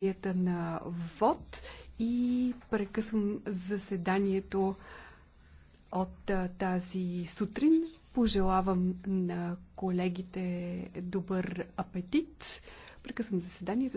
Ета на ВОД и прекъсвам заседанието от тази сутрин. Пожелавам на колегите добър апетит. Прекъсвам заседанието.